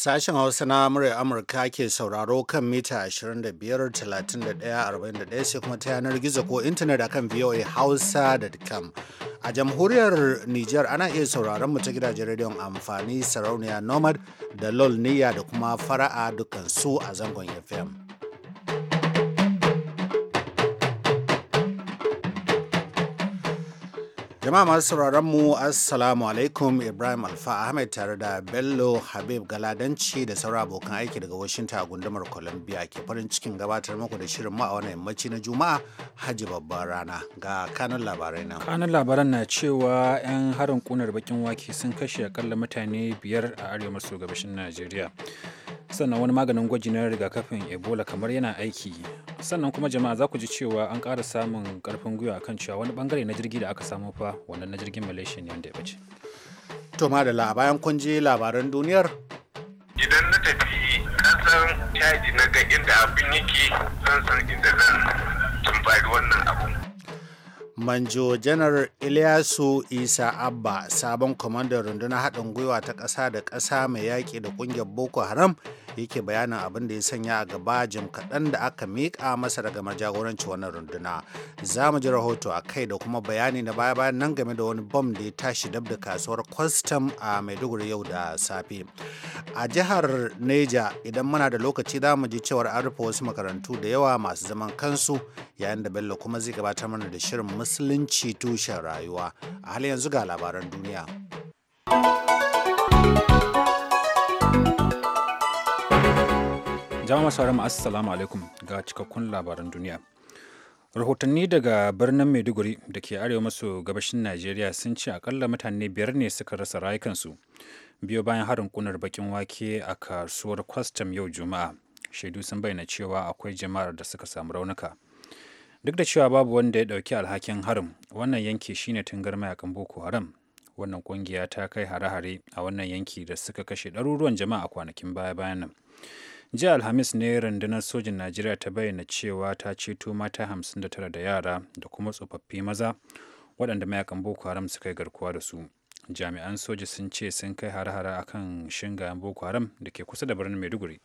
Sashen Hausa na murya Amurka ke sauraro kan mita 25, 31, sai kuma ta yanar gizo ko intanet akan Hausa.com. A jamhuriyar Nijar ana iya sauraron mu ta gidajen rediyon amfani sarauniya Nomad da Lol da kuma Fara'a dukansu a zangon FM. Jama'a masu sauraron mu Assalamu alaikum Ibrahim Alfa Ahmed tare da Bello Habib Galadanci da sauran abokan aiki daga Washington a gundumar Columbia ke farin cikin gabatar muku da shirin ma a wannan yammaci na Juma'a Hajji babban rana ga kanun labarai nan. Kanun labaran na cewa 'yan harin kunar bakin wake sun kashe akalla mutane biyar a arewa maso gabashin Najeriya. sannan wani maganin gwaji na rigakafin ebola kamar yana aiki sannan kuma jama'a za ku ji cewa an ƙara samun ƙarfin gwiwa kan cewa wani bangare na jirgi da aka samu fa wannan na jirgin malaysia ne wanda ya bace to madalla bayan kun je labaran duniyar idan na tafi kasan caji na ga inda abin yake zan san inda zan tumbari wannan abu manjo janar ilyasu isa abba sabon kwamandan rundunar haɗin gwiwa ta ƙasa da ƙasa mai yaƙi da ƙungiyar boko haram yake bayanin abin da ya sanya a gaba jim kaɗan da aka miƙa masa daga majagoranci wannan runduna za mu ji rahoto a kai da kuma bayani na baya bayan nan game da wani bom da ya tashi dab da kasuwar kwastam a maiduguri yau da safe a jihar neja idan muna da lokaci za mu ji cewar an rufe wasu makarantu da yawa masu zaman kansu yayin da bello kuma zai gabatar mana da shirin musulunci tushen rayuwa a halin yanzu ga labaran duniya jama'a sauran assalamu alaikum ga cikakkun labaran duniya rahotanni daga birnin maiduguri da ke arewa maso gabashin najeriya sun ce akalla mutane biyar ne suka rasa rayukansu biyo bayan harin kunar bakin wake a kasuwar kwastam yau juma'a shaidu sun bayyana cewa akwai jama'ar da suka samu raunuka duk da cewa babu wanda ya dauki alhakin harin wannan yanki shine a kan boko haram wannan kungiya ta kai hare-hare a wannan yanki da suka kashe ɗaruruwan jama'a kwanakin baya-bayan nan jiya alhamis ne rundunar sojin najeriya ta bayyana cewa ta ceto mata 59 da yara da kuma tsofaffi maza waɗanda mayakan boko haram suka yi garkuwa da su jami'an soji sun ce sun kai hara-hara akan shingayen boko haram da ke kusa da birnin maiduguri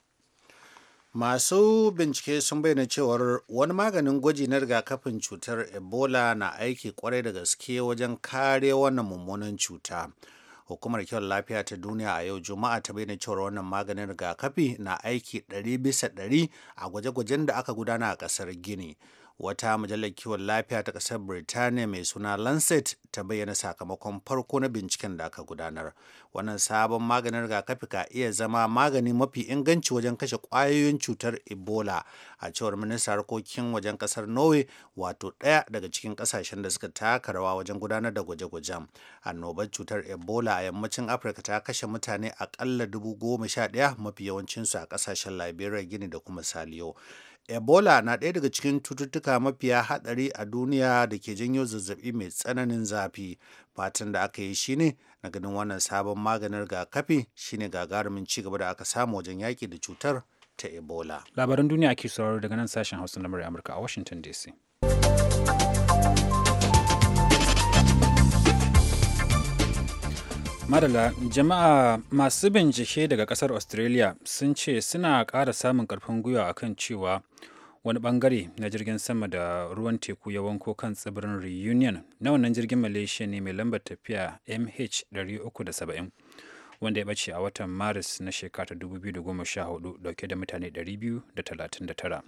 masu bincike sun bayyana cewar wani maganin gwaji na rigakafin cutar ebola na aiki kwarai da gaske wajen kare wannan mummunan cuta. hukumar kiwon lafiya ta duniya a yau juma'a ta bayyana cewa wannan maganin rigakafi na aiki 100 bisa 100 a gwaje-gwajen da aka gudana a kasar gini wata mujallar kiwon lafiya ta ƙasar Birtaniya mai suna Lancet ta bayyana sakamakon farko na binciken da aka gudanar. Wannan sabon maganin rigakafi ka iya zama magani mafi inganci wajen kashe kwayoyin cutar Ebola a cewar ministan harkokin wajen ƙasar Norway wato ɗaya daga cikin ƙasashen da suka taka rawa wajen gudanar da gwaje-gwajen. Annobar cutar Ebola a yammacin Afirka ta kashe mutane aƙalla dubu goma sha ɗaya mafi yawancinsu a ƙasashen Liberia, Gini da kuma Saliyo. Ebola na ɗaya daga cikin cututtuka mafiya hadari a duniya da ke janyo zazzabi mai tsananin zafi. Fatan da aka yi shine na ganin wannan sabon maganin rigakafi shine gagarumin ci gaba da aka samu wajen yaƙi da cutar ta Ebola. Labaran duniya ake sauraro daga nan sashen Hausa na Amurka a Washington DC. madala jama'a masu bincike daga kasar australia sun ce suna ƙara samun ƙarfin gwiwa kan cewa wani bangare na jirgin sama da ruwan teku ya wanko kan tsibirin reunion na wannan jirgin malaysia ne mai lambar tafiya mh370 wanda ya bace a watan maris na shekara 2014 dauke da mutane 239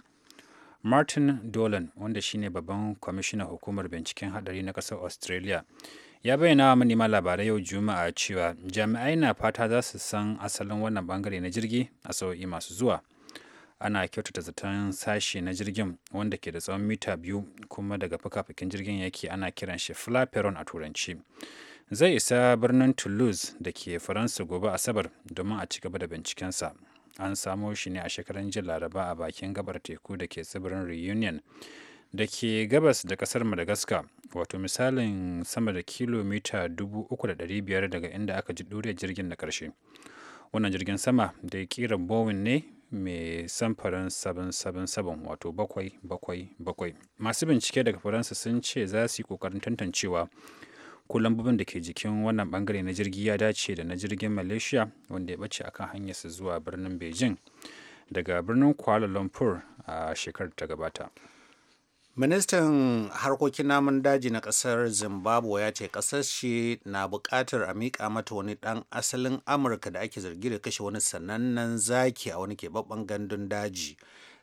martin dolan wanda shine babban kwamishinan hukumar binciken hadari na kasar australia ya bayyana wa manema labarai yau juma'a cewa jami'ai na fata za su san asalin wannan bangare na jirgi a sau'i masu zuwa ana kyautata zaton sashe na jirgin wanda ke da tsawon mita biyu kuma daga fuka-fukin jirgin yake ana kiran shi flaperon a turanci zai isa birnin toulouse da ke faransa gobe asabar domin a ci gaba da bincikensa an samo shi ne a shekaran jin laraba a bakin gabar teku da ke tsibirin reunion da ke gabas da kasar madagascar wato misalin sama da kilomita 3,500 daga inda aka ji ɗuriyar jirgin na ƙarshe wannan jirgin sama da ya kira bowen ne mai samfarin 777 wato bakwai bakwai bakwai masu bincike daga faransa sun ce za su yi ƙoƙarin tantancewa ko lambobin da ke jikin wannan bangare na jirgi ya dace da na jirgin malaysia wanda ya bace akan hanyarsa zuwa birnin beijing daga birnin kuala lumpur a shekarar ta gabata ministan harkokin namun daji na kasar zimbabwe ya ce kasar shi na bukatar a miƙa mata wani ɗan asalin amurka da ake zargi da kashe wani sanannen zaki a wani keɓaɓɓen gandun daji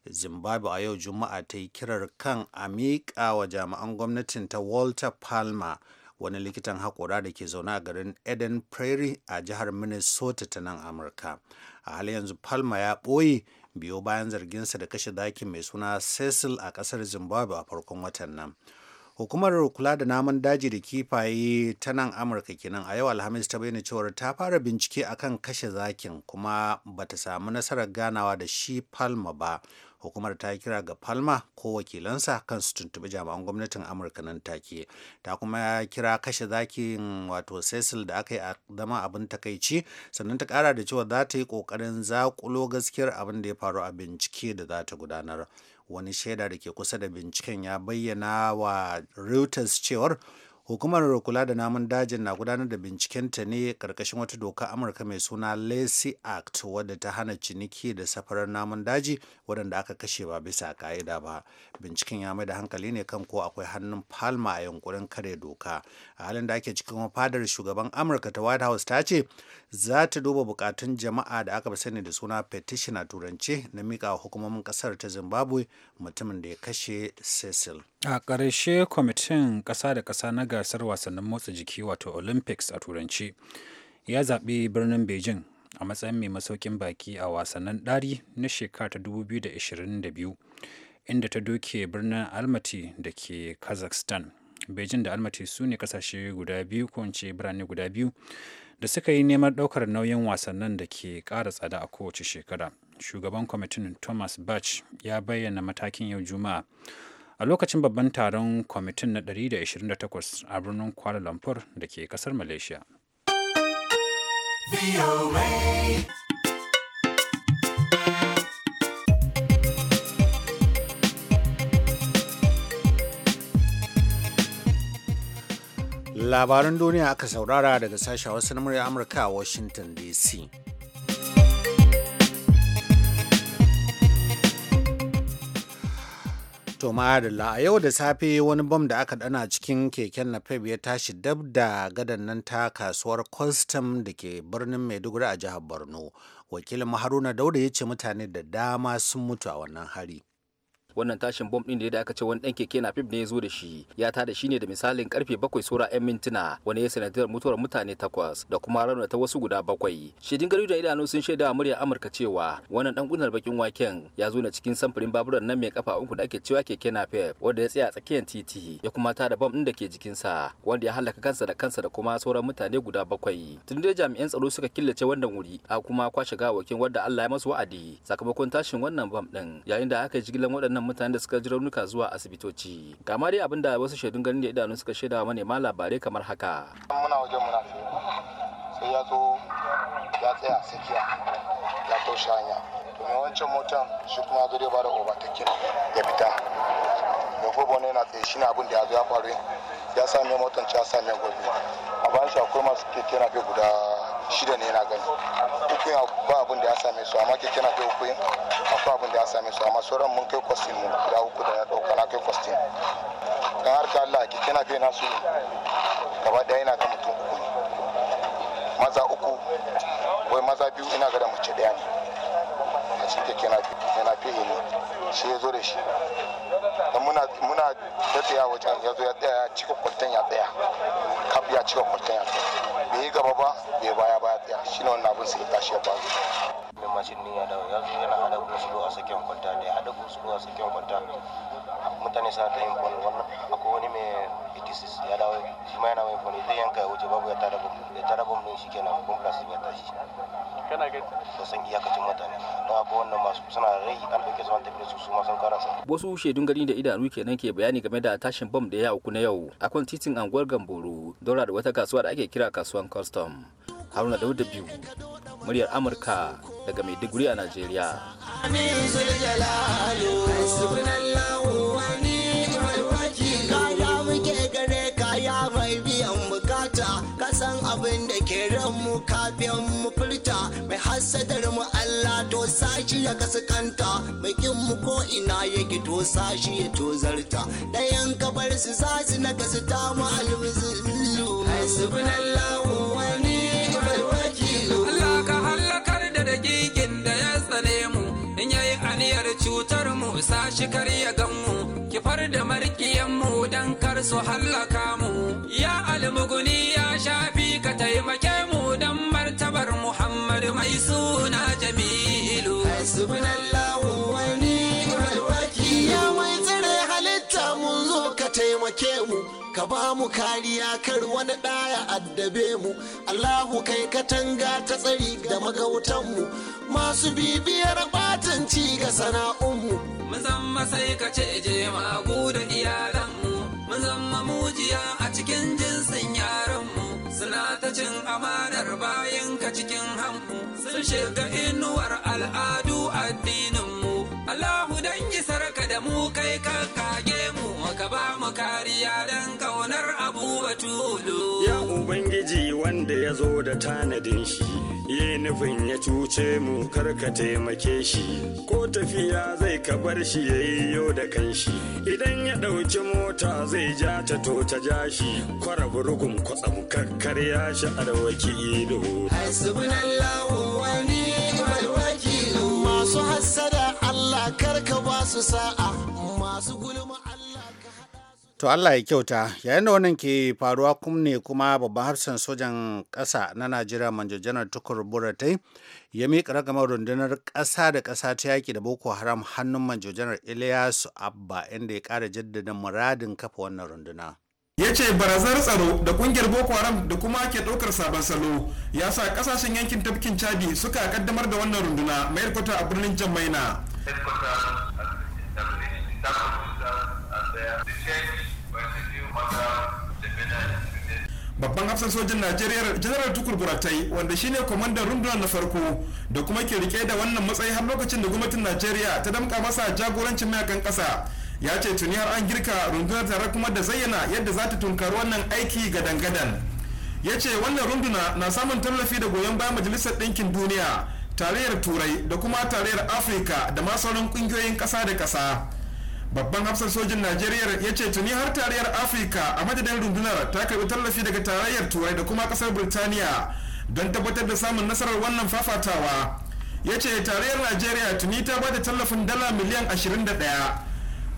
zimbabwe a yau juma'a ta yi kirar kan a miƙa wa jami'an gwamnatin ta walter palmer wani likitan haƙura da ke zaune a garin eden prairie a jihar minnesota ta nan amurka a halin yanzu palmer ya ɓoye biyo bayan zarginsa da kashe dakin mai suna cecil a kasar zimbabwe a farkon watan nan hukumar kula da namun daji da kifaye ta nan amurka kenan a yau alhamis ta bayyana cewar ta fara bincike akan kashe zakin kuma bata samu nasarar ganawa da shi palma ba hukumar ta kira ga palma ko wakilansa kan su tuntuɓi jami'an gwamnatin amurka nan take ta kuma kira kashe zakin wato cecil da aka yi a zama abin takaici sannan ta kara da cewa za ta yi ƙoƙarin zakulo gaskiyar abin da ya faru a bincike da za ta gudanar wani shaida da ke kusa da binciken ya bayyana wa reuters cewar hukumar kula da namun dajin na gudanar da bincikenta ne karkashin wata doka amurka mai suna lacy act wadda ta hana ciniki da safarar namun daji waɗanda aka kashe ba bisa ka'ida ba binciken ya mai da hankali ne kan ko akwai hannun palma a yankurin kare doka a halin da ake cikin fadar shugaban amurka ta white house ta ce za ta duba bukatun jama'a da aka sani da suna petition a turance na miƙa hukumomin ƙasar ta zimbabwe mutumin da ya kashe cecil a ƙarshe kwamitin ƙasa da ƙasa na gasar wasannin motsa jiki wato olympics a turanci ya zaɓi birnin beijing a matsayin mai masaukin baki a wasannin ɗari na shekara ta 2022 inda ta doke birnin almaty da ke kazakhstan beijing da almaty su ne kasashe guda biyu ko ce birane guda biyu da suka yi neman ɗaukar nauyin wasannin da ke ƙara tsada a kowace shekara shugaban kwamitin thomas bach ya bayyana matakin yau juma'a a lokacin babban taron kwamitin na 128 a birnin kuala lumpur da ke kasar malaysia labaran duniya aka saurara daga sashen wasu na murya amurka a washington dc To la a yau da safe wani bam da aka dana cikin keken Napep ya tashi dab da gadan nan ta kasuwar Kwastam da ke birnin Maiduguri a jihar Borno. Wakilin Haruna Dauda ya ce mutane da dama sun mutu a wannan hari. wannan tashin bom din da aka ce wani dan keke na fib ne ya zo da shi ya tada shi ne da misalin karfe bakwai sura yan mintuna wani ya sanadiyar mutuwar mutane takwas da kuma ranar ta wasu guda bakwai shedin gari da idanu sun shaida murya amurka cewa wannan dan gunar bakin waken ya zo na cikin samfurin baburan nan mai kafa uku da ake cewa keke na fib wanda ya tsaya tsakiyar titi ya kuma tada bom din da ke jikinsa wanda ya halaka kansa da kansa da kuma sauran mutane guda bakwai tun dai jami'an tsaro suka killace wannan wuri a kuma kwashe gawakin wanda Allah ya masu wa'adi sakamakon tashin wannan bam din yayin da aka jigilan waɗannan mutanen da suka ji raunuka zuwa asibitoci kama dai abinda wasu shaidun ganin da idanun suka shaida manema labarai kamar haka muna wajen muna sai ya zo ya tsaya sakiya ya toshe hanya to mai wancan motan shi kuma ya zo dai ba da overtaking ya fita da gobe wani yana tsaye shi ne abin da ya zo ya faru ya sami motan ya sa sami gobe a bayan shi akwai masu keke na guda shida ne na gani uku ya ba abin da ya same su amma keke na kai uku akwai abin da ya same su amma sauran mun kai kwastin mu guda uku da na dauka na kai kwastin don har ka Allah keke na kai nasu gaba daya yana ga mutum uku ne maza uku wai maza biyu ina ga da mace daya ne a cikin keke na kai izini shi ya zo da shi da muna muna da wajen ya zo ya tsaya ya cika kwaltan ya tsaya kaf ya cika kwaltan ya tsaya bai yi gaba ba bai baya ba ya tsaya shi ne wannan abin sai ya tashi ya bazu da mashin ne ya dawo ya zo yana hada gosulo a sakin kwalta da ya hada gosulo a sakin kwalta mutane suna ta yin bol wannan akwai wani mai 86 ya dawo shi ma yana mai bol zai yanka ya wuce babu ya tara bom ya tara bom ne shi kenan bom plus ya tashi kana ga ba san iyakacin mutane na ga wannan masu suna rai an dauke su tafi da su su masan karasa wasu shaidun gani da idanu kenan ke bayani game da tashin bom da ya auku na yau akan titin anguwar Gamboro daura da wata kasuwa da ake kira kasuwan custom Haruna Dauda biyu muryar Amurka daga Maiduguri a Najeriya. Amin sadar mu Allah to sashi ya kaskanta bakin mu ko ina yake to sashi ya tozarta dayan kabar su zasu na ta mu alwizillu hasbunallahu wani wani Allah ka halakar da daƙiƙin da ya tsane mu in yayi aniyar cutar mu sashi kar ya gan mu kifar da markiyan mu dan kar su hallaka mu ya almuguni ya shafi ka taimake hasbunallahu wa ni'mal wakil ya mai tsare halitta mun zo ka taimake mu ka ba mu kariya kar wani ɗaya addabe mu Allahu kai katanga ta tsari da mu masu bibiyar batun ci ga sana'un mu zama sai ka ce je da iyalanmu mu zama mujiya a cikin jinsin mu suna ta cin amanar bayan ka cikin hanku su shiga inuwar al'adu addininmu Allahu dan yi sarka da mu kai kanka ya zo da tanadin shi ya nufin ya cuce mu karka taimake shi ko tafiya zai ka bar shi ya yi yo da kanshi idan ya ɗauki mota zai ja ta to ta ja shi kwara burgun kwatsam kakkar ya shi arwaki ido masu hassada Allah karka ba su sa'a masu gulma To Allah ya kyauta yayin da wannan ke faruwa kuma ne kuma babban hafsan sojan ƙasa na Najeriya Manjo Janar Tukur Buratai ya miƙa ragamar rundunar ƙasa da ƙasa ta yaki da Boko Haram hannun Manjo Janar elias Abba inda ya ƙara jaddada muradin kafa wannan runduna. ya ce barazar tsaro da kungiyar boko haram da kuma ke ɗaukar sabon salo ya sa ƙasashen yankin tafkin chadi suka kaddamar da wannan runduna mai a birnin jamaina babban hafsan sojin najeriya general tukur buratai wanda shine kwamandan rundunar na farko da kuma ke rike da wannan matsayi har lokacin da gwamnatin najeriya ta damka masa jagorancin mayakan kasa ya ce tuni har an girka rundunar tare kuma da zayyana yadda za ta tunkari wannan aiki ga dangadan ya ce wannan runduna na samun tallafi da goyon bayan majalisar ɗinkin duniya tarayyar turai da kuma tarayyar afirka da ma sauran ƙungiyoyin ƙasa da ƙasa babban hafsar sojin najeriya ya ce tuni har tarayyar afirka a madadin rundunar ta karbi tallafi daga tarayyar turai da kuma kasar birtaniya don tabbatar da samun nasarar wannan fafatawa ya ce tarayyar najeriya tuni ta bada tallafin dala miliyan 21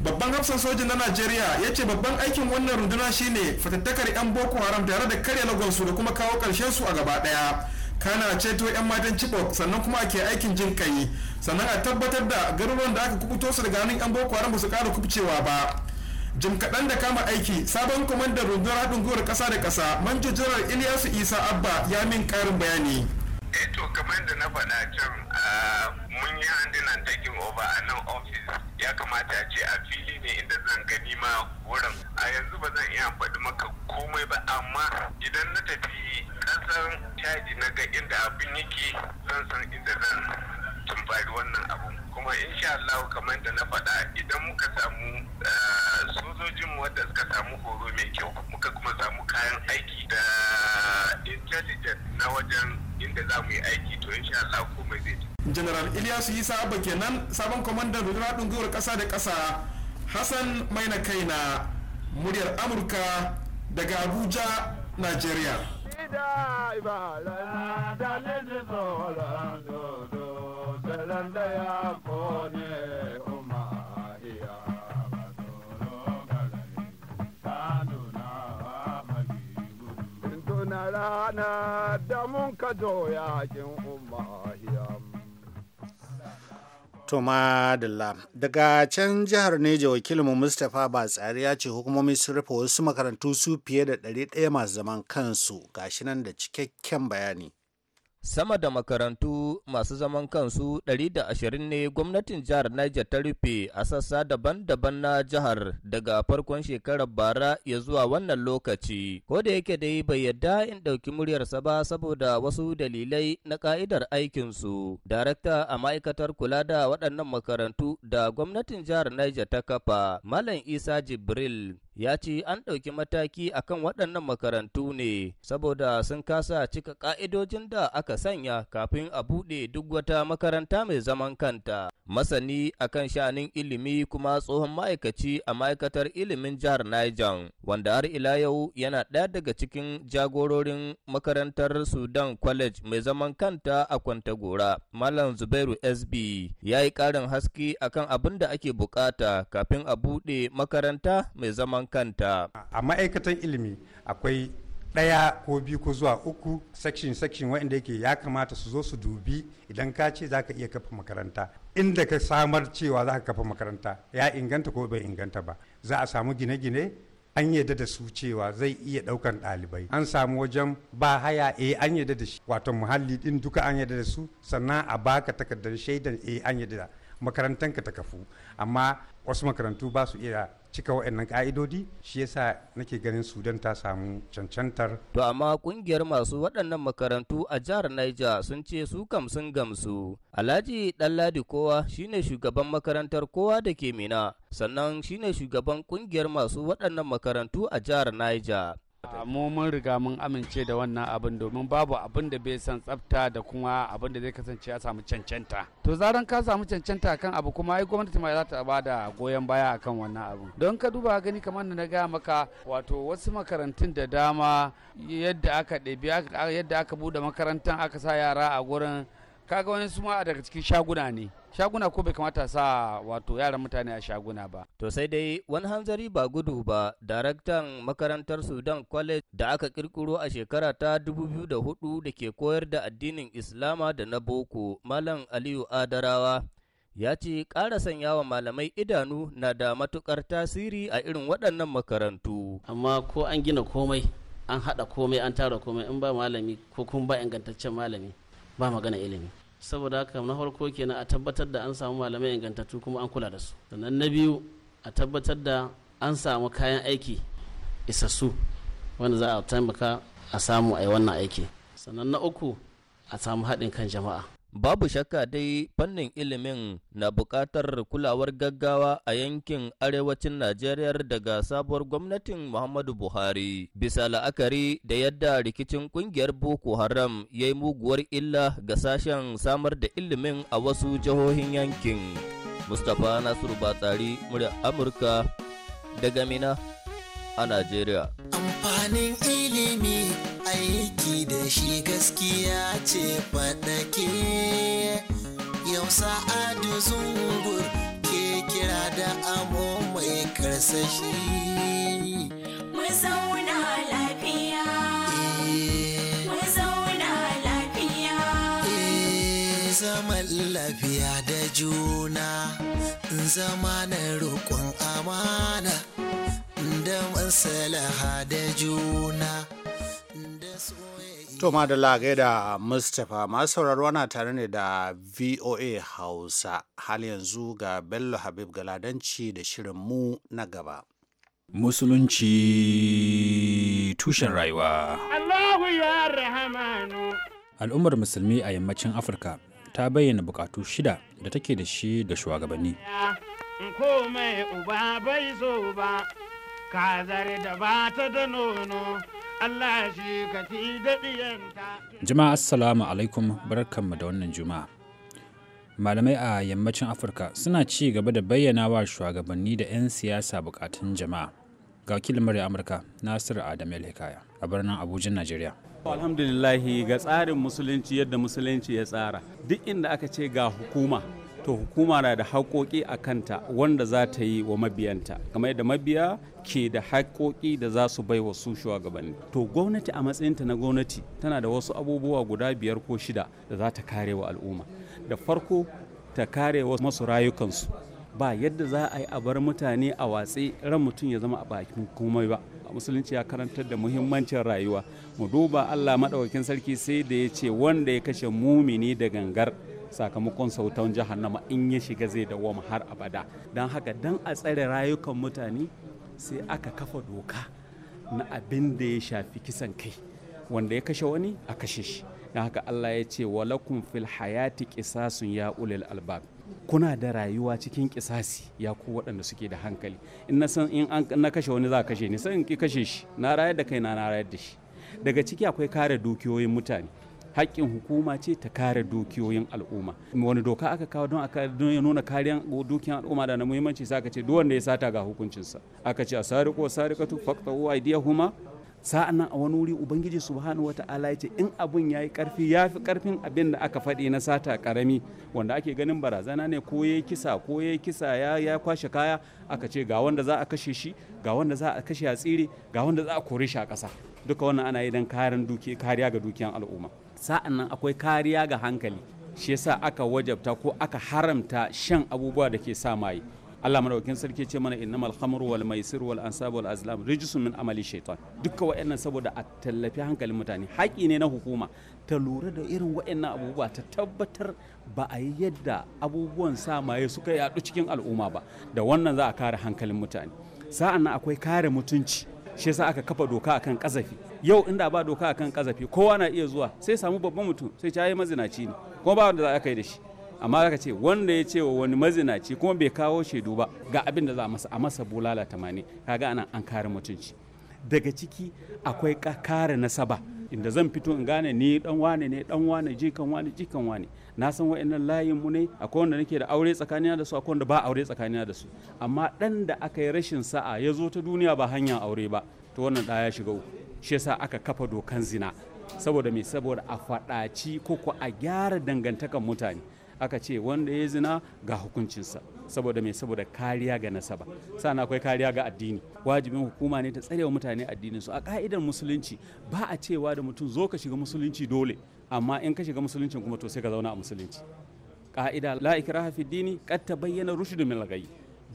babban hafsan sojin na najeriya ya ce babban aikin wannan runduna shine fatattakar 'yan boko haram tare da karya lagonsu da kuma kawo karshen su a gaba ɗaya kana ceto 'yan matan chibok sannan kuma ake aikin jin kai sannan a tabbatar da garuruwan da aka kubuto su daga hannun 'yan boko haram ba su kara kubcewa ba jim kaɗan da kama aiki sabon kwamandan rundunar haɗin gwiwar ƙasa da ƙasa manjo jiran iliyasu isa abba ya min ƙarin bayani eto eh, kamar da na faɗa can mun yi handin takin over a nan ofis ya kamata ce a fili ne inda zan gani ma wurin a yanzu ba zan iya faɗi maka komai ba amma idan na tafi ƙasar caji na ga inda abin yake zan san inda zan faru wannan abu kuma insha Allah kamar da na faɗa idan muka samu eh, sojojin wadda suka samu horo mai kyau muka kuma samu kayan aiki da intelligent na wajen inda za mu yi aiki to insha Allah komai zai General Ilyasu Isa Abba kenan sabon kwamandan rundunar haɗin da ƙasa da ƙasa Hassan Maina Kaina muryar Amurka daga Abuja, Najeriya. Toma ya daga can jihar Neja wakilinmu Mustapha Batsari ya ce hukumomi sun rufe wasu makarantu su fiye da 100 masu zaman kansu gashi nan da cikakken bayani. Sama da makarantu masu zaman kansu 120 ne gwamnatin jihar Niger ta rufe a sassa daban-daban na jihar daga farkon shekarar bara ya zuwa wannan lokaci. Ko da yake dai bai yadda in ɗauki muryarsa ba saboda wasu dalilai na ka'idar aikinsu. Darakta a ma'aikatar kula da waɗannan makarantu da gwamnatin jihar Niger ta kafa, Malam Isa Jibril ya ce an ɗauki mataki a kan waɗannan makarantu ne saboda sun kasa cika ƙa'idojin da aka sanya kafin a buɗe duk wata makaranta mai zaman kanta. Masani a kan shanin ilimi kuma tsohon ma'aikaci a ma'aikatar ilimin jihar Niger, wanda har ila yau yana ɗaya daga cikin jagororin makarantar Sudan College mai zaman kanta a Kwantagora, Malam Zubairu SB, ya yi ƙarin haske akan abin da ake bukata kafin a buɗe makaranta mai zaman kanta. A ma'aikatan ilimi akwai ɗaya ko biyu ko zuwa uku section section waɗanda yake ya kamata su zo su dubi idan ka ce za ka iya kafa makaranta inda ka samar cewa za ka kafa makaranta ya inganta ko bai inganta ba za a samu gine-gine an yadda da su cewa zai iya ɗaukan ɗalibai an samu wajen ba haya e an yadda da shi wato muhalli ɗin duka an yadda da su sannan a baka takardar shaidan e an yadda da makarantanka ta kafu amma wasu makarantu ba su iya cika waɗannan ƙa'idodi shi yasa nake ganin sudan ta samu cancantar to amma kungiyar masu waɗannan makarantu a jihar niger sun ce su kam sun gamsu alhaji ɗanladi kowa shine shugaban makarantar kowa da ke mina sannan shine shugaban kungiyar masu waɗannan makarantu a jihar niger ta mu mun riga mun amince da wannan abin domin babu abin da bai san tsafta da kuma abin da zai kasance ya samu cancanta to zaran ka samu cancanta kan abu kuma ai gwamnati ma za ta ba da goyon baya akan wannan abu don ka duba gani kamar na gaya maka wato wasu makarantun da dama yadda aka ɗabi yadda aka bude makarantan aka sa yara a gurin kaga wani suma daga cikin shaguna ne shaguna ko bai kamata sa wato yaran mutane a shaguna ba to sai dai wani hanzari ba gudu ba daraktan makarantar sudan college da aka kirkiro a shekara ta 2004 da ke koyar da addinin islama da na boko malam aliyu adarawa ya ce kara sanya wa malamai idanu na da matukar tasiri a irin waɗannan makarantu. Amma ko an gina komai, an haɗa komai, an tara komai, in ba malami ko kuma ba ingantaccen malami ba magana ilimi. saboda haka na farko kenan a tabbatar da an samu malamai ingantattu kuma an kula da su sannan na biyu a tabbatar da an samu kayan aiki isassu wanda za a taimaka a samu a yi wannan aiki sannan na uku a samu haɗin kan jama'a Babu shakka dai fannin ilimin na buƙatar kulawar gaggawa a yankin arewacin Najeriya daga sabuwar gwamnatin Muhammadu Buhari bisa la'akari da yadda rikicin ƙungiyar Boko Haram ya yi muguwar illa ga sashen samar da ilimin a wasu jihohin yankin. Mustapha Nasiru Batsari, murya Amurka daga Mina a Najeriya. Amfanin ilimi aiki da shi gaskiya ce faɗake yau sa'adu zungur ke kira da abu mai karsashi. Eh. Eh, zaman lafiya da juna zama na roƙon amana da masalaha da juna To gaida Mustapha masu na ana tare ne da VOA Hausa hal yanzu ga Bello Habib Galadanci da shirin mu na gaba. Musulunci tushen rayuwa. Allahu ya rahamanu. Al'ummar musulmi a yammacin Afirka ta bayyana bukatu shida da take da shi da shugabanni. Komai uba bai zo ba. kazar da ba da nono Allah shi ka fi daɗiyanta. Jama'a Assalamu alaikum barkanmu da wannan juma'a. Malamai a yammacin Afirka suna ci gaba da bayyana wa shugabanni da 'yan siyasa bukatun jama'a. Ga wakilin murya Amurka Nasiru Adam Hikaya a birnin Abuja, Najeriya. Alhamdulillahi ga tsarin musulunci yadda musulunci ya tsara duk inda aka ce ga hukuma to hukuma na da haƙoƙi a kanta wanda za ta yi wa mabiyanta kamar da mabiya ke da haƙoƙi da za su bai wa su shugabanni to gwamnati a matsayinta na gwamnati tana da wasu abubuwa guda biyar ko shida da za ta kare wa al'umma da farko ta kare wa masu rayukansu ba yadda za a yi a bar mutane a watsi ran mutum ya zama a bakin komai ba musulunci ya karantar da muhimmancin rayuwa mu duba allah maɗaukakin sarki sai da ya ce wanda ya kashe mumini da gangar sakamakon sautan nama in ya shiga zai dawoma har abada don haka don a tsare rayukan mutane sai aka kafa doka na abin da ya shafi kisan kai wanda ya kashe wani a kashe shi don haka Allah ya ce walakun fil hayati kisasun ya ulil albab kuna da rayuwa cikin kisasi ya ku waɗanda suke da hankali in na kashe wani za kashe ni san in ki kashe shi na rayar da na na rayar da shi daga ciki akwai kare dukiyoyin mutane haƙƙin hukuma ce ta kare dukiyoyin al'umma wani doka aka kawo don aka don ya nuna kariyan dukiyan al'umma da na muhimmanci sai aka ce duk wanda ya sata ga hukuncinsa aka ce a sariqu sariqatu faqta'u aydiyahuma sa'annan a wani wuri ubangiji subhanahu wata'ala ya ce in abun ya yi karfi ya karfin abin da aka faɗi na sata karami wanda ake ganin barazana ne ko ya kisa ko ya kisa ya ya kwashe kaya aka ce ga wanda za a kashe shi ga wanda za a kashe a tsire ga wanda za a kore shi a ƙasa duka wannan ana yi don kariya ga dukiyan al'umma sa'an nan akwai kariya ga hankali shi yasa aka wajabta ko aka haramta shan abubuwa da ke sa maye Allah madaukakin sarki ce mana innamal khamru wal maisir wal ansab wal azlam rijsun min amali shaitan duka wayannan saboda a tallafi hankalin mutane haƙi ne na hukuma ta lura da irin wayannan abubuwa ta tabbatar ba a yi yadda abubuwan sa maye suka yadu cikin al'umma ba da wannan za a kare hankalin mutane sa'an nan akwai kare mutunci shi yasa aka kafa doka akan kazafi yau inda ba doka akan kazafi kowa na iya zuwa sai samu babban mutum sai ta yi mazinaci ne kuma ba wanda za a kai da shi amma aka ce wanda ya ce wa wani mazinaci kuma bai kawo shaidu ba ga abin da za a masa a masa bulala tamani kaga anan an kare mutunci daga ciki akwai kare nasaba inda zan fito in gane ni dan wane ne dan wane jikan wane jikan wane na san wa'annan layin mu ne akwai wanda nake da aure tsakanina da su akwai wanda ba aure tsakanina da su amma dan da aka yi rashin sa'a ya zo ta duniya ba hanyar aure ba to wannan da ya shiga uku shi yasa aka kafa dokan zina saboda me saboda a faɗaci ko ko a gyara dangantakan mutane aka ce wanda ya zina ga hukuncinsa saboda mai saboda kariya ga nasaba sana akwai kariya ga addini wajibin hukuma ne ta tsare wa mutane addinin su a ka'idar musulunci ba a cewa da mutum zo ka shiga musulunci dole amma in ka shiga musulunci kuma to sai ka zauna a musulunci ka'ida la ikraha fi dini qad tabayyana rushdu min al-ghayy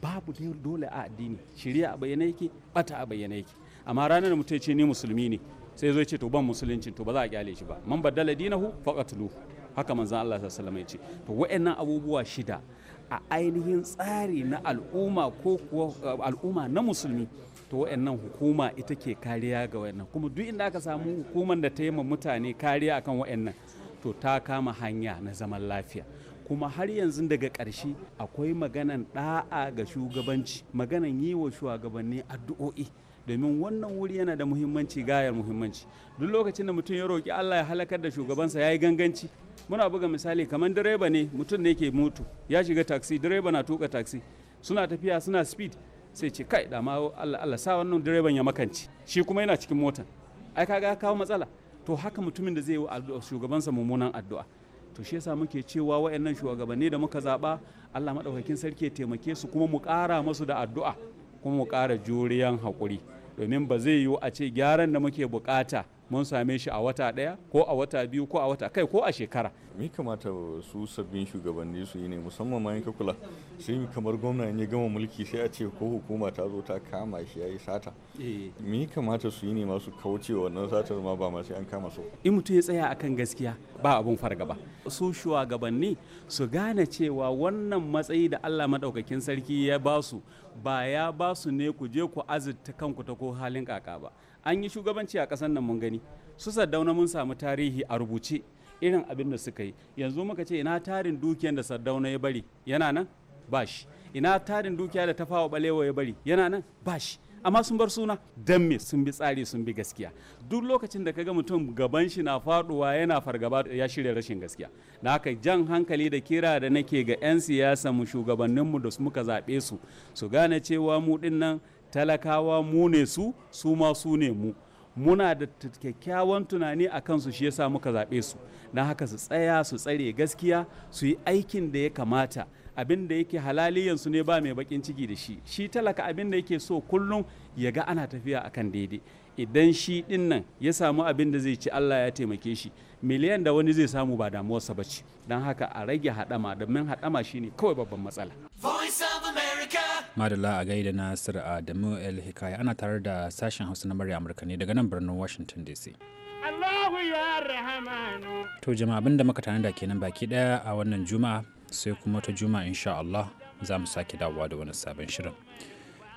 babu dole a addini shirya a bayyana yake bata a bayyana yake amma ranar da mutum ya ce ni musulmi ne sai zo ce to ban musulunci to ba za a kyale shi ba man baddala dinahu faqatluhu haka manzan Allah ya salama ya ce to wa'annan abubuwa shida a ainihin tsari na al'umma ko kuwa eh, al'umma na musulmi to wa'annan hukuma ita ke kariya ga wa'annan kuma duk inda aka samu hukumar da ta yi mutane kariya akan wa'annan to ta kama hanya na zaman lafiya kuma har yanzu daga ƙarshe akwai maganan ɗa'a ga shugabanci maganan yi wa shugabanni addu'o'i domin wannan wuri yana da muhimmanci gayar muhimmanci duk lokacin da mutum ya roƙi Allah ya halakar da shugabansa ya yi ganganci muna buga misali kamar direba ne mutum ne ke mutu ya shiga taxi direba na tuka taxi suna tafiya suna speed sai ce kai da ma Allah Allah sa wannan direban ya makanci. shi kuma yana cikin motan ai kaga kawo matsala to haka mutumin da zai yi wa shugabansa mummunan addu'a to shi yasa muke cewa wayannan shugabanni da muka zaba Allah madaukakin sarki ya taimake su kuma mu ƙara masu da addu'a kuma mu ƙara juriyan hakuri domin ba zai yiwu a ce gyaran da muke bukata mun same shi a wata ɗaya ko a wata biyu ko a wata kai ko a shekara. Me kamata su sabbin shugabanni su yi ne musamman ma ka kula sai kamar gwamna ya gama mulki sai a ce ko hukuma ta zo ta kama shi ya yi sata. Eh. Me kamata su yi ne masu kauce wannan satar ma ba masu an kama su. In mutum ya tsaya akan gaskiya ba abun fargaba. Su shugabanni su gane cewa wannan matsayi da Allah madaukakin sarki ya ba su ba ya ba su ne ku je ku azurta kanku ta ko halin kaka ba. an yi shugabanci a ƙasar nan mun gani su saddauna mun samu tarihi a rubuce irin abin da suka yi yanzu muka ce ina tarin dukiyar da saddauna ya bari yana nan ba shi ina tarin dukiya da tafawa balewa ya bari yana nan ba shi amma sun bar suna dan me sun bi tsari sun bi gaskiya duk lokacin da kaga mutum gaban shi na faduwa yana fargaba ya shirya rashin gaskiya na haka jan hankali da kira da nake ga 'yan siyasa mu shugabanninmu da muka zaɓe su su gane cewa mu dinnan talakawa mu ne su su ma su ne mu muna da kyakkyawan tunani a kansu shi yasa muka zaɓe su na haka su tsaya su tsare gaskiya su yi aikin da ya kamata abin da yake halaliyansu ne ba mai bakin ciki da shi shi talaka abin da yake so kullum ya ga ana tafiya akan daidai idan shi din nan ya samu abin da zai ci Allah ya taimake shi miliyan da wani zai samu ba damuwarsa ba ce don haka a rage haɗama domin haɗama shine kawai babban matsala. Madala a gaida Nasir Adamu El Hikaya ana tare da sashen Hausa na murya Amurka ne daga nan birnin Washington DC. Allahu ya rahamanu. To jama'a da muka tanada kenan baki daya a wannan juma'a sai kuma ta juma'a insha Allah za mu sake dawowa da wani sabon shirin.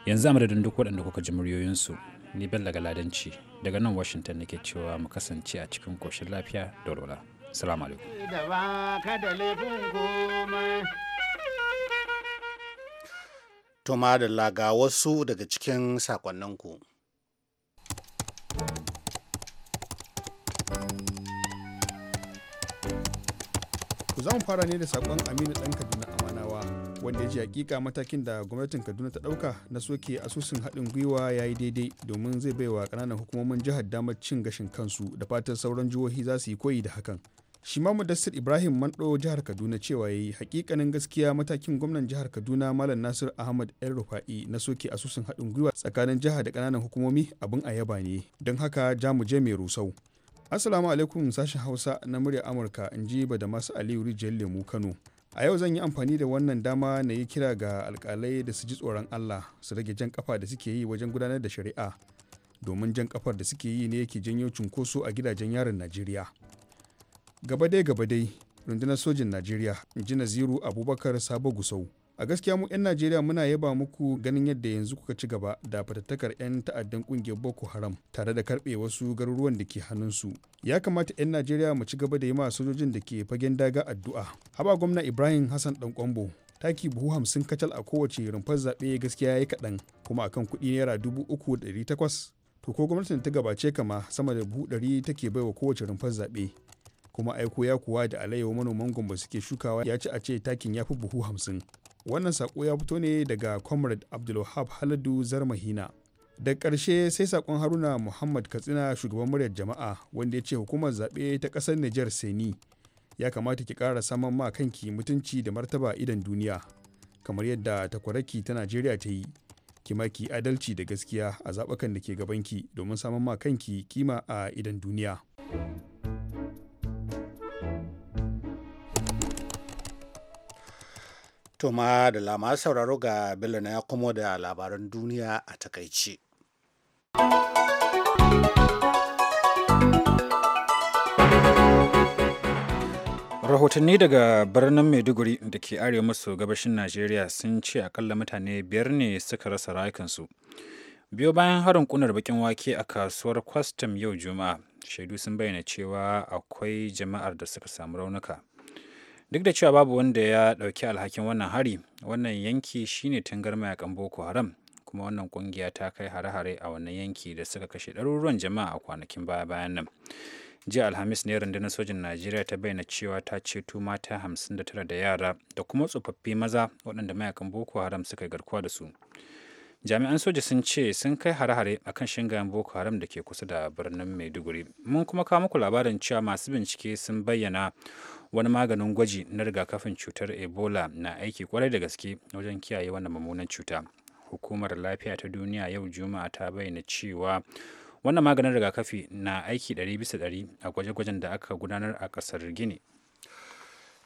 Yanzu a madadin duk waɗanda kuka ji muryoyinsu ni Bello ladanci daga nan Washington nake cewa mu kasance a cikin koshin lafiya da walwala. Assalamu alaikum. to madalla ga wasu daga cikin sakonninku. ku za mu fara ne da sakon aminu ɗan kaduna amanawa wanda ya ji hakika matakin da gwamnatin kaduna ta ɗauka na soke asusun haɗin gwiwa ya yi daidai domin zai baiwa ƙananan hukumomin jihar damar cin gashin kansu da fatan sauran jihohi za su yi koyi da hakan shi ma mudassir ibrahim manɗo jihar kaduna cewa ya yi hakikanin gaskiya matakin gwamnan jihar kaduna malam nasir ahmad el rufa'i na soke asusun haɗin gwiwa tsakanin jiha da ƙananan hukumomi abin a yaba ne don haka ja mu je mai rusau assalamu alaikum sashen hausa na murya amurka in ji ba da masu aliyu rijiyar lemu kano a yau zan yi amfani da wannan dama na yi kira ga alkalai da su ji tsoron allah su rage jan kafa da suke yi wajen gudanar da shari'a domin jan ƙafar da suke yi ne yake janyo cunkoso a gidajen yaron najeriya gaba dai gaba dai rundunar sojin najeriya ji naziru abubakar sabo gusau a gaskiya mu 'yan najeriya muna yaba muku ganin yadda yanzu kuka ci gaba da fatattakar 'yan ta'addan kungiyar boko haram tare da karbe wasu garuruwan da ke hannunsu ya kamata 'yan najeriya mu ci gaba da yi ma sojojin da ke fagen daga addu'a haba gwamna ibrahim hassan dan kwambo taki buhu hamsin kacal a kowace rumfar zaɓe gaskiya ya yi kaɗan kuma akan kuɗi naira dubu uku da ɗari takwas to ko gwamnatin ta gabace kama sama da buhu ɗari take baiwa kowace rumfar zaɓe kuma aiko ya kuwa da alayyawa manoman gombe suke shukawa ya ci a ce takin ya fi buhu hamsin wannan sako ya fito ne daga comrade abdulwahab haladu zarmahina da ƙarshe sai sakon haruna muhammad katsina shugaban muryar jama'a wanda ya ce hukumar zaɓe ta ƙasar niger seni ya kamata ki ƙara saman ma kanki mutunci da martaba idan duniya kamar yadda takwaraki ta najeriya ta yi kima ki adalci da gaskiya a zaɓakan da ke gabanki domin saman ma kanki kima a idan duniya. To ma da lama sauraro ga Bello na ya komo da labaran duniya a takaici. rahotanni daga birnin maiduguri da ke arewa maso gabashin najeriya sun ce akalla mutane biyar ne suka rasa rayukansu biyo bayan harin kunar bakin wake a kasuwar kwastam yau juma'a shaidu sun bayyana cewa akwai jama'ar da suka samu raunuka duk da cewa babu wanda ya ɗauki alhakin wannan hari wannan yanki shine tangar mayakan boko haram kuma wannan kungiya ta kai hare-hare a wannan yanki da suka kashe ɗaruruwan jama'a a kwanakin baya-bayan nan jiya alhamis ne rundunar sojin najeriya ta bayyana cewa ta ceto mata 59 da yara da kuma tsofaffi maza waɗanda mayakan boko haram suka garkuwa da su jami'an soja sun ce sun kai hare-hare a kan shingayen boko haram da ke kusa da birnin maiduguri mun kuma kawo muku labarin cewa masu bincike sun bayyana wani maganin gwaji na rigakafin cutar ebola na aiki kwarai da gaske wajen kiyaye wannan mummunan cuta hukumar lafiya ta duniya yau juma'a ta bayyana cewa wannan maganin rigakafi na aiki 100 bisa 100 a gwaje-gwajen da aka gudanar a kasar gini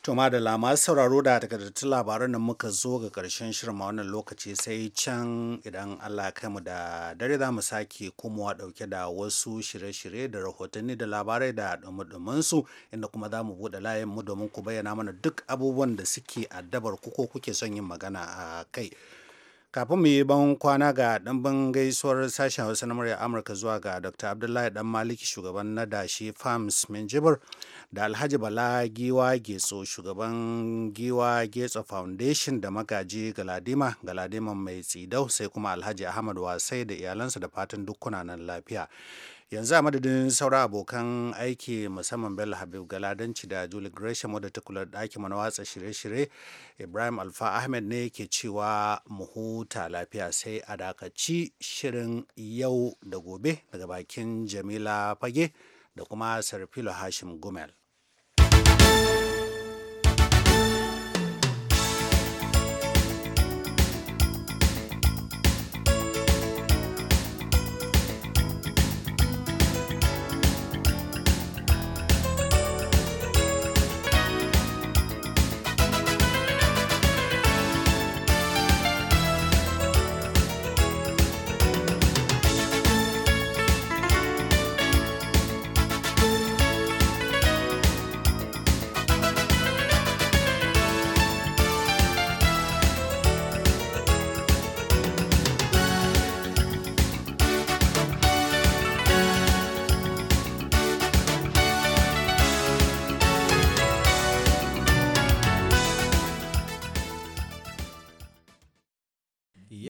To da masu sauraro da takardattun labaran nan muka zo ga karshen shirma wannan lokaci sai can idan Allah kai mu da dare za mu sake komowa dauke da wasu shirye-shirye da rahotanni da labarai da dumudumin su inda kuma za mu bude layin mu domin ku bayyana mana duk abubuwan da suke addabar ku ko kuke son yin magana a kai. kafin mu yi ban kwana ga ɗanbin gaisuwar sashen hausa na murya amurka zuwa ga dr abdullahi dan maliki shugaban na dashi farms minjibir da alhaji bala giwa getso shugaban giwa getso foundation da magaji galadima galadima mai tsidau sai kuma alhaji ahmad wasai da iyalansa da fatan dukkuna nan lafiya yanzu a madadin sauran abokan aiki musamman bello habib galadanci da julie gresham wadda ta kula ɗakin mana watsa shirye-shirye ibrahim alfa ahmed ne ke cewa mu huta lafiya sai a dakaci shirin yau da gobe daga bakin jamila fage da kuma sarfilo hashim gumel